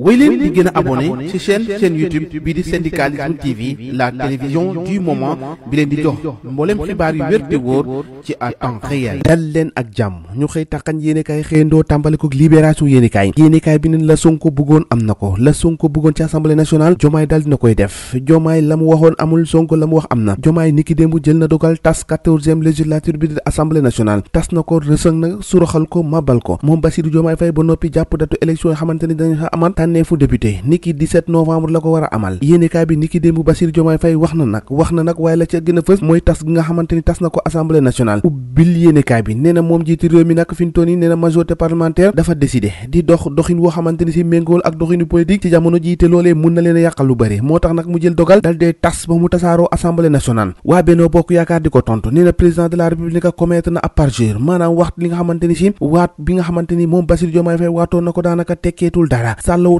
wéy leen di gën a abonné ci chaîne chaîne YouTube bi di syndicalisme TV la télévision du moment bi leen di jox mboolem xibaar yu wér te wóor ci à temps réel. dal leen ak jàmm ñu xëy taxañ yéenekaay xëyandoo tàmbale ko libération yéenekaay yéenekaay bi neen la Sonko bëggoon am na ko la Sonko bëggoon ci assemblée nationale jomaay dal dina koy def jomaay la mu waxoon amul Sonko la mu wax am na jomaay niki démb jël na dogal tas quatorzième législature bi di tànneefu député niki 17 novembre la ko war a amal yéenekaay bi niki démb Bassirou Diomaye Faye wax na nag wax na nag waaye la ca gën a fës mooy tas bi nga xamante si waat bi nga xamante ni moom na ko daanaka tekkeetul dara sàllawu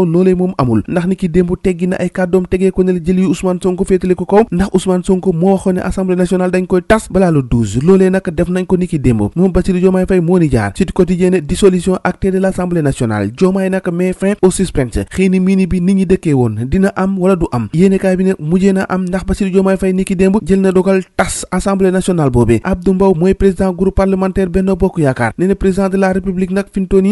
loolu loolee moom amul ndax ni ki démb teggi na ay kàddoom tegee ko ne la jël yu Ousmane ko kaw ndax Ousmane Sonko moo waxoon ne assemblée nationale dañ koy tas balaa le 12 loolee def nañ ko ni ki démb moom Bassirou Diomaye Faye moo ni jaar Sud Quotidien dissolution actée de l' assemblée nationale Diomaye nag met fin au suspense xëy ni bi nit ñi dëkkee woon dina am wala du am yéenekaay bi ne mujjee na am ndax Bassirou Diomaye Faye ni démb jël la république nag fintoon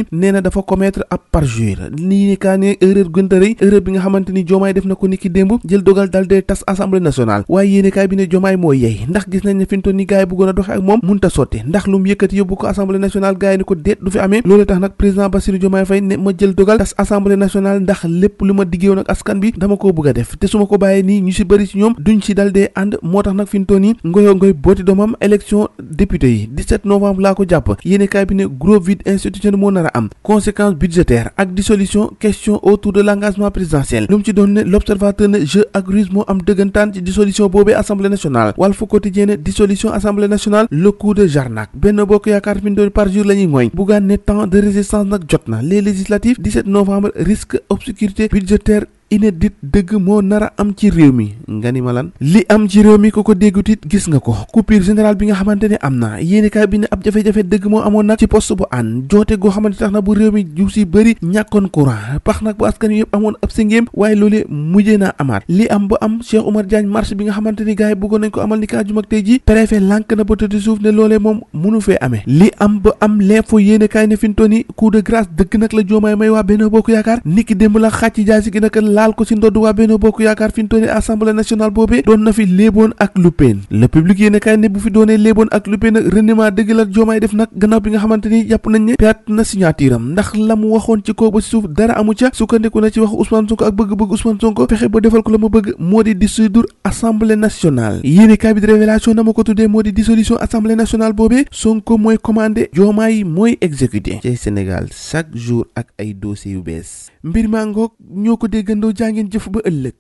yi erreur gën a bi nga xamante ni Diomaye def na ko niki démb jël dogal daal dee tas assemblée nationale waaye yéenekaay bi ne Diomaye mooy yey ndax gis nañ ne fintoon ni gars yi bëggoon a doxe ak moom munta sotti ndax lu mu yëkkati yóbbu ko assemblée nationale gars ko déet du fi amee loolu tax nag président Bassirou Diomaye Faye ne ma jël dogal tas assemblée nationale ndax lépp lu ma diggeewoon ak askan bi dama koo a ko bàyyee nii ñu si bëri si ñoom duñ si dal dee ànd moo tax nag fintoon yi ngoyoo ngoy booti doomam élection am conséquence budgétaire ak dissolution question autour de l'engagement présidentiel lu mu ci doon ne l'observateur ne jeu ak ruse moo am dëggantaan ci dissolution boobee assemblée nationale Walf Quotidien ne dissolution assemblée nationale le coup de Jarnac benn bokk yaakaar findoori par jour la ñuy mooy ne temps de résistance nag jot na les législatives 17 novembre risque obscurité budgétaire inédit dëgg moo nar a am ci réew mi nga ni ma li am ci réew mi ku ko déggut it gis nga ko coupure générale bi nga xamante ne am na yéenekaay bi ne ab jafe-jafe dëgg moo amoon nag ci poste bu an joote goo xamante na bu réew mi ju si bëri ñàkkoon courant pax nag bu askan yëpp amoon ab singéem waaye loolee mujjee naa amaat li am ba am Cheikh Oumar Diagne marche bi nga xamante ni gars yi bëggoon nañ ko amal ni kaa tey ji préfet lànk na ba tëddi suuf laal ko ci ndodd waa Benno Bokk Yaakaar fi ñu doonee assemblée nationale boobee doon na fi léeboon ak lupeen le public yéen a kaay ne fi doonee léeboon ak lupeen nag dëgg la joomaay def nag gannaaw bi nga xamante ni na signature ndax la mu waxoon ci kaw ba ci suuf dara amu ca sukkandiku na ci waxu Ousmane Sonko ak bëgg-bëgg Ousmane Sonko fexe ba defal ko la ma bëgg moo di dissoudre assemblée nationale yéen a kaay révélation na ma ko jaa ngeen jëf ba ëllëg